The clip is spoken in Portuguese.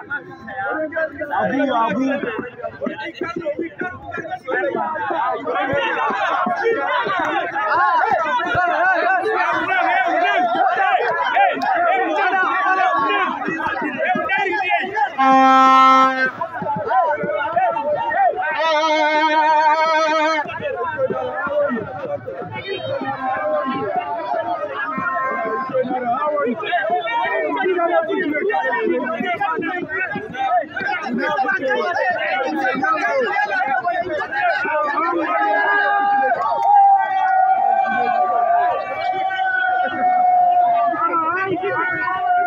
Alguinho, alguinho. Ah! Hey, hey, hey, Thank you.